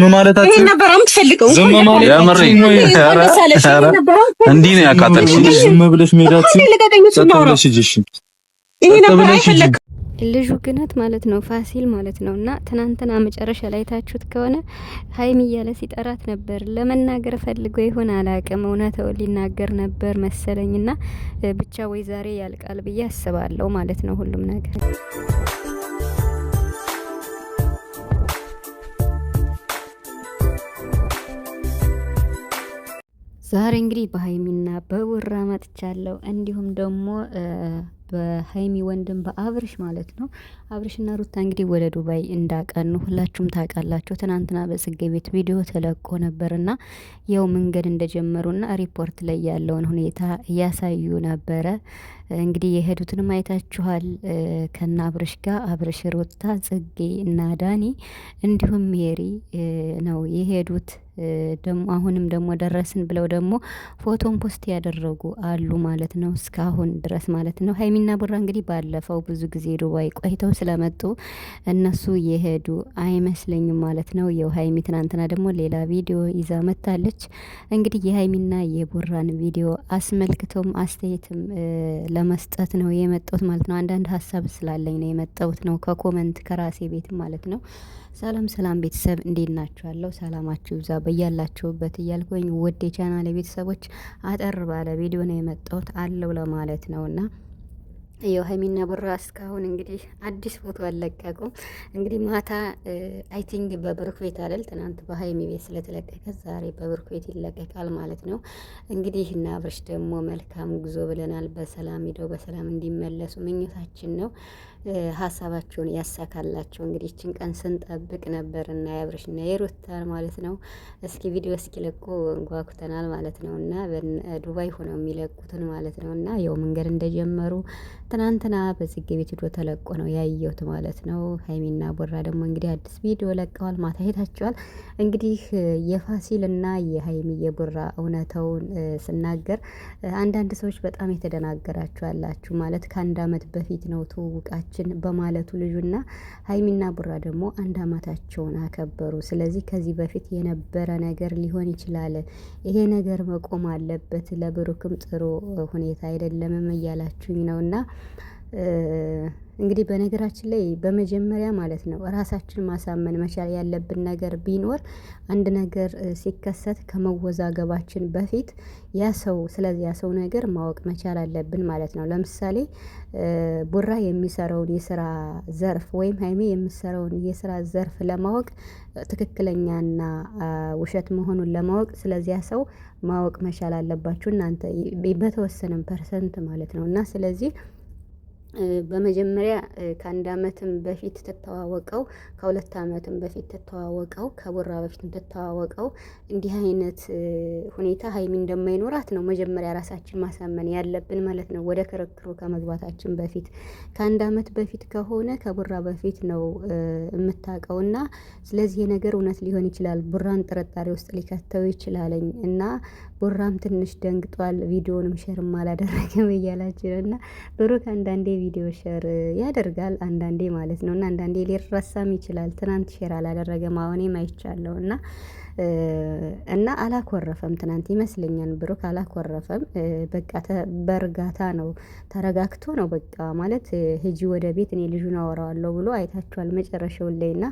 ዝም ማለት አትይም ነበር የምትፈልገው። ዝም ማለት ያመረ ይሄ እንዲህ ነው ያቃጠልሽኝ። ዝም ብለሽ ይሄ ልጁ ግነት ማለት ነው ፋሲል ማለት ነው። እና ትናንትና መጨረሻ ላይ ታችሁት ከሆነ ሀይሚ እያለ ሲጠራት ነበር። ለመናገር ፈልጎ ይሆን አላቅም። እውነተውን ሊናገር ነበር መሰለኝና ብቻ ወይ ዛሬ ያልቃል ብዬ አስባለሁ ማለት ነው ሁሉም ነገር ዛሬ እንግዲህ በሀይሚና በውራ መጥቻለሁ። እንዲሁም ደግሞ በሀይሚ ወንድም በአብርሽ ማለት ነው። አብርሽና ሩታ እንግዲህ ወደ ዱባይ እንዳቀኑ ሁላችሁም ታውቃላችሁ። ትናንትና በጽጌ ቤት ቪዲዮ ተለቆ ነበርና ያው መንገድ እንደጀመሩና ሪፖርት ላይ ያለውን ሁኔታ እያሳዩ ነበረ። እንግዲህ የሄዱትንም አይታችኋል ከና አብርሽ ጋር አብርሽ፣ ሩታ፣ ጽጌ እና ዳኒ እንዲሁም ሜሪ ነው የሄዱት ደሞ አሁንም ደግሞ ደረስን ብለው ደግሞ ፎቶን ፖስት ያደረጉ አሉ ማለት ነው። እስካሁን ድረስ ማለት ነው። ሀይሚና ቡራ እንግዲህ ባለፈው ብዙ ጊዜ ዱባይ ቆይተው ስለመጡ እነሱ የሄዱ አይመስለኝም ማለት ነው። የው ሀይሚ ትናንትና ደግሞ ሌላ ቪዲዮ ይዛ መታለች። እንግዲህ የሀይሚና የቡራን ቪዲዮ አስመልክቶም አስተያየትም ለመስጠት ነው የመጣሁት ማለት ነው። አንዳንድ ሀሳብ ስላለኝ ነው የመጣሁት ነው ከኮመንት ከራሴ ቤት ማለት ነው። ሰላም ሰላም ቤተሰብ እንዴት ናችኋለሁ? ሰላማችሁ ይብዛ በያላችሁበት እያልኩኝ ውድ የቻናል ቤተሰቦች አጠር ባለ ቪዲዮ ነው የመጣሁት አለው ለማለት ነውና ያው ሀይሚና ብራ እስካሁን እንግዲህ አዲስ ፎቶ አለቀቁም። እንግዲህ ማታ አይ ቲንክ በብሩክ ቤት አይደል ትናንት በሀይሚ ቤት ስለተለቀቀ ዛሬ በብሩክ ቤት ይለቀቃል ማለት ነው። እንግዲህ እና አብርሽ ደግሞ መልካም ጉዞ ብለናል። በሰላም ሂደው በሰላም እንዲመለሱ ምኞታችን ነው። ሀሳባቸውን ያሳካላቸው። እንግዲህ ይችን ቀን ስንጠብቅ ነበርና እና የሩታ ማለት ነው። እስኪ ቪዲዮ ለቁ እንጓጉተናል ማለት ነው እና ዱባይ ሆነው የሚለቁትን ማለት ነው እና ያው መንገድ እንደጀመሩ ትናንትና በዝግ ቤት ሂዶ ተለቆ ነው ያየሁት ማለት ነው። ሀይሚና ቦራ ደግሞ እንግዲህ አዲስ ቪዲዮ ለቀዋል። ማታ ሄታችኋል እንግዲህ እና የሀይሚ የቦራ እውነተውን ስናገር አንዳንድ ሰዎች በጣም የተደናገራችኋላችሁ ማለት ከአንድ አመት በፊት ነው ትውውቃቸው አማታችን በማለቱ ልጁና ሀይሚና ቡራ ደግሞ አንድ አማታቸውን አከበሩ። ስለዚህ ከዚህ በፊት የነበረ ነገር ሊሆን ይችላል። ይሄ ነገር መቆም አለበት። ለብሩክም ጥሩ ሁኔታ አይደለም እያላችሁኝ ነውና እንግዲህ በነገራችን ላይ በመጀመሪያ ማለት ነው ራሳችን ማሳመን መቻል ያለብን ነገር ቢኖር አንድ ነገር ሲከሰት ከመወዛገባችን በፊት ያ ሰው ያ ሰው ነገር ማወቅ መቻል አለብን ማለት ነው። ለምሳሌ ቡራ የሚሰራውን የስራ ዘርፍ ወይም ሀይሜ የሚሰራውን የስራ ዘርፍ ለማወቅ ትክክለኛና ውሸት መሆኑን ለማወቅ ስለዚያ ሰው ማወቅ መቻል አለባችሁ እናንተ በተወሰነም ፐርሰንት ማለት ነው እና ስለዚህ በመጀመሪያ ከአንድ አመትም በፊት ትተዋወቀው ከሁለት አመትም በፊት ትተዋወቀው ከቡራ በፊትም ትተዋወቀው እንዲህ አይነት ሁኔታ ሀይሚ እንደማይኖራት ነው መጀመሪያ ራሳችን ማሳመን ያለብን ማለት ነው። ወደ ክርክሩ ከመግባታችን በፊት ከአንድ አመት በፊት ከሆነ ከቡራ በፊት ነው የምታውቀውና ስለዚህ ነገር እውነት ሊሆን ይችላል ቡራን ጥርጣሬ ውስጥ ሊከተው ይችላል እና ቡራም ትንሽ ደንግጧል። ቪዲዮንም ሸርም አላደረገም እያላችሁ እና ብሩክ አንዳንዴ ቪዲዮ ሸር ያደርጋል አንዳንዴ ማለት ነው እና አንዳንዴ ሊረሳም ይችላል። ትናንት ሼር አላደረገም አሁኔም አይቻለሁ እና እና አላኮረፈም። ትናንት ይመስለኛል ብሩክ አላኮረፈም። በቃ በእርጋታ ነው ተረጋግቶ ነው በቃ ማለት ሂጂ ወደ ቤት እኔ ልጁን አወራዋለሁ ብሎ አይታችኋል መጨረሻውን ላይ እና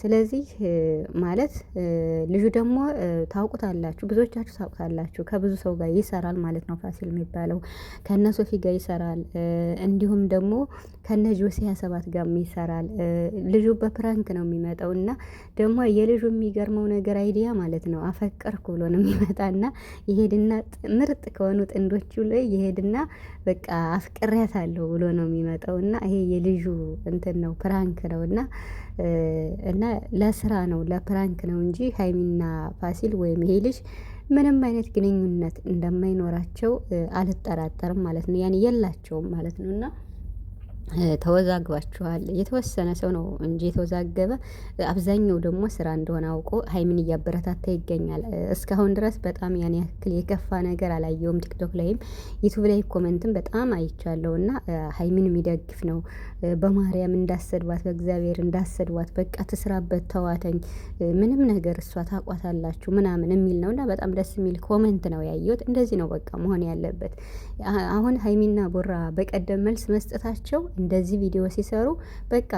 ስለዚህ ማለት ልጁ ደግሞ ታውቁታላችሁ፣ ብዙዎቻችሁ ታውቁታላችሁ። ከብዙ ሰው ጋር ይሰራል ማለት ነው ፋሲል የሚባለው ከነ ሶፊ ጋር ይሰራል፣ እንዲሁም ደግሞ ከነ ጆሲያ ሰባት ጋር ይሰራል። ልጁ በፕራንክ ነው የሚመጣው እና ደግሞ የልጁ የሚገርመው ነገር አይዲያ ማለት ነው። አፈቀርኩ ብሎ ነው የሚመጣና ይሄድና ምርጥ ከሆኑ ጥንዶቹ ላይ ይሄድና በቃ አፍቅሬያታለሁ ብሎ ነው የሚመጣው እና ይሄ የልጁ እንትን ነው ፕራንክ ነው እና እና ለስራ ነው ለፕራንክ ነው እንጂ ሀይሚና ፋሲል ወይም ይሄ ልጅ ምንም አይነት ግንኙነት እንደማይኖራቸው አልጠራጠርም ማለት ነው። ያን የላቸውም ማለት ነው እና ተወዛግባችኋል። የተወሰነ ሰው ነው እንጂ የተወዛገበ፣ አብዛኛው ደግሞ ስራ እንደሆነ አውቆ ሀይሚን እያበረታታ ይገኛል። እስካሁን ድረስ በጣም ያን ያክል የከፋ ነገር አላየውም። ቲክቶክ ላይም ዩቱብ ላይ ኮመንትም በጣም አይቻለሁ እና ሀይሚን የሚደግፍ ነው። በማርያም እንዳሰድባት፣ በእግዚአብሔር እንዳሰድባት፣ በቃ ትስራበት፣ ተዋተኝ፣ ምንም ነገር እሷ ታቋታላችሁ ምናምን የሚል ነው እና በጣም ደስ የሚል ኮመንት ነው ያየሁት። እንደዚህ ነው በቃ መሆን ያለበት። አሁን ሀይሚና ቦራ በቀደም መልስ መስጠታቸው እንደዚህ ቪዲዮ ሲሰሩ በቃ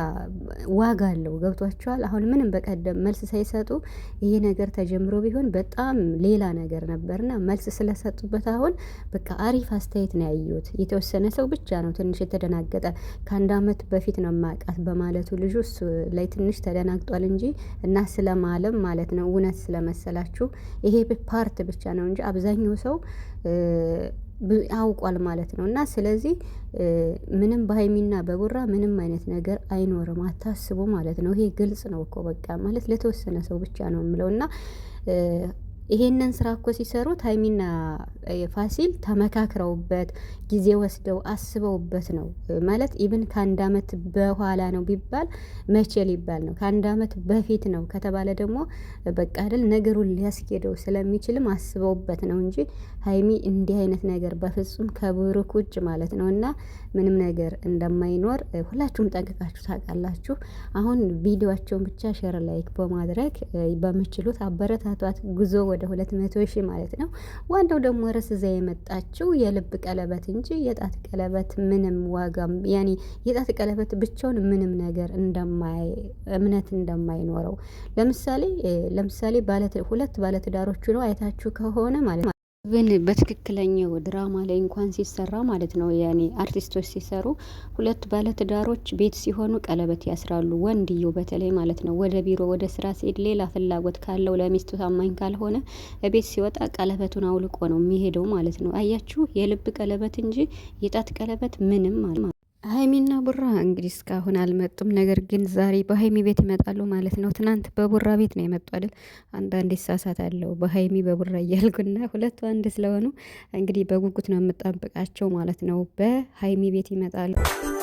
ዋጋ አለው። ገብቷቸዋል አሁን ምንም በቀደም መልስ ሳይሰጡ ይሄ ነገር ተጀምሮ ቢሆን በጣም ሌላ ነገር ነበርና መልስ ስለሰጡበት አሁን በቃ አሪፍ አስተያየት ነው ያዩት። የተወሰነ ሰው ብቻ ነው ትንሽ የተደናገጠ ከአንድ አመት በፊት ነው ማቃት በማለቱ ልጁ እሱ ላይ ትንሽ ተደናግጧል እንጂ እና ስለማለም ማለት ነው እውነት ስለመሰላችሁ ይሄ ፓርት ብቻ ነው እንጂ አብዛኛው ሰው አውቋል ማለት ነው። እና ስለዚህ ምንም በሀይሚና በቡራ ምንም አይነት ነገር አይኖርም፣ አታስቡ ማለት ነው። ይሄ ግልጽ ነው እኮ በቃ ማለት ለተወሰነ ሰው ብቻ ነው የምለው እና ይሄንን ስራ እኮ ሲሰሩት ሀይሚና ፋሲል ተመካክረውበት ጊዜ ወስደው አስበውበት ነው ማለት ኢብን ከአንድ አመት በኋላ ነው ቢባል መቼ ሊባል ነው? ከአንድ አመት በፊት ነው ከተባለ ደግሞ በቃ አይደል ነገሩን ሊያስኬደው ስለሚችልም አስበውበት ነው እንጂ ሀይሚ እንዲህ አይነት ነገር በፍጹም ከብሩክ ውጭ ማለት ነው እና ምንም ነገር እንደማይኖር ሁላችሁም ጠንቅቃችሁ ታውቃላችሁ። አሁን ቪዲዮቸውን ብቻ ሼር ላይክ በማድረግ በምችሉት አበረታቷት ጉዞ ወደ ወደ ሁለት መቶ ሺህ ማለት ነው። ዋናው ደግሞ ርዕስ ዛ የመጣችው የልብ ቀለበት እንጂ የጣት ቀለበት ምንም ዋጋም ያኔ የጣት ቀለበት ብቻውን ምንም ነገር እንደማይ እምነት እንደማይኖረው ለምሳሌ ለምሳሌ ሁለት ባለትዳሮቹ ነው አይታችሁ ከሆነ ማለት ብን በትክክለኛው ድራማ ላይ እንኳን ሲሰራ ማለት ነው ያኔ አርቲስቶች ሲሰሩ ሁለት ባለትዳሮች ቤት ሲሆኑ ቀለበት ያስራሉ። ወንድየው በተለይ ማለት ነው ወደ ቢሮ ወደ ስራ ሲሄድ ሌላ ፍላጎት ካለው ለሚስቱ ታማኝ ካልሆነ ቤት ሲወጣ ቀለበቱን አውልቆ ነው የሚሄደው ማለት ነው። አያችሁ የልብ ቀለበት እንጂ የጣት ቀለበት ምንም ሀይሚና ቡራ እንግዲህ እስካሁን አልመጡም። ነገር ግን ዛሬ በሀይሚ ቤት ይመጣሉ ማለት ነው። ትናንት በቡራ ቤት ነው የመጡ አይደል? አንዳንድ ይሳሳት አለው በሀይሚ በቡራ እያልኩና ሁለቱ አንድ ስለሆኑ እንግዲህ በጉጉት ነው የምጠብቃቸው ማለት ነው። በሀይሚ ቤት ይመጣሉ።